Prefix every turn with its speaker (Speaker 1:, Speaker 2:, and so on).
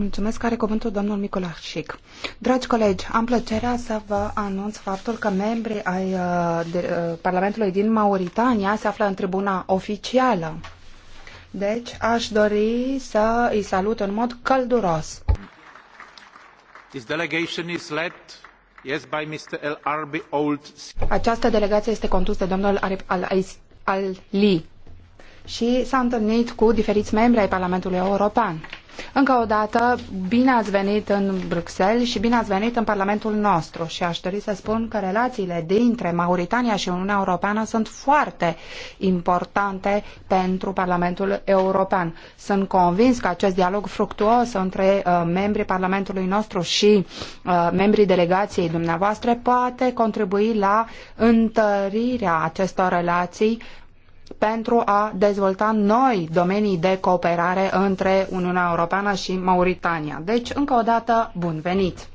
Speaker 1: Mulțumesc, are cuvântul domnul Micolașic. Dragi colegi, am plăcerea să vă anunț faptul că membrii ai uh, de, uh, Parlamentului din Mauritania se află în tribuna oficială. Deci, aș dori să îi salut în mod călduros.
Speaker 2: This delegation is led yes, by Mr. El Arbi Old.
Speaker 1: Această delegație este condusă de domnul Al-Ali și s-a întâlnit cu diferiți membri ai Parlamentului European. Încă o dată, bine ați venit în Bruxelles și bine ați venit în Parlamentul nostru și aș dori să spun că relațiile dintre Mauritania și Uniunea Europeană sunt foarte importante pentru Parlamentul European. Sunt convins că acest dialog fructuos între uh, membrii Parlamentului nostru și uh, membrii delegației dumneavoastră poate contribui la întărirea acestor relații pentru a dezvolta noi domenii de cooperare între Uniunea Europeană și Mauritania. Deci, încă o dată, bun venit!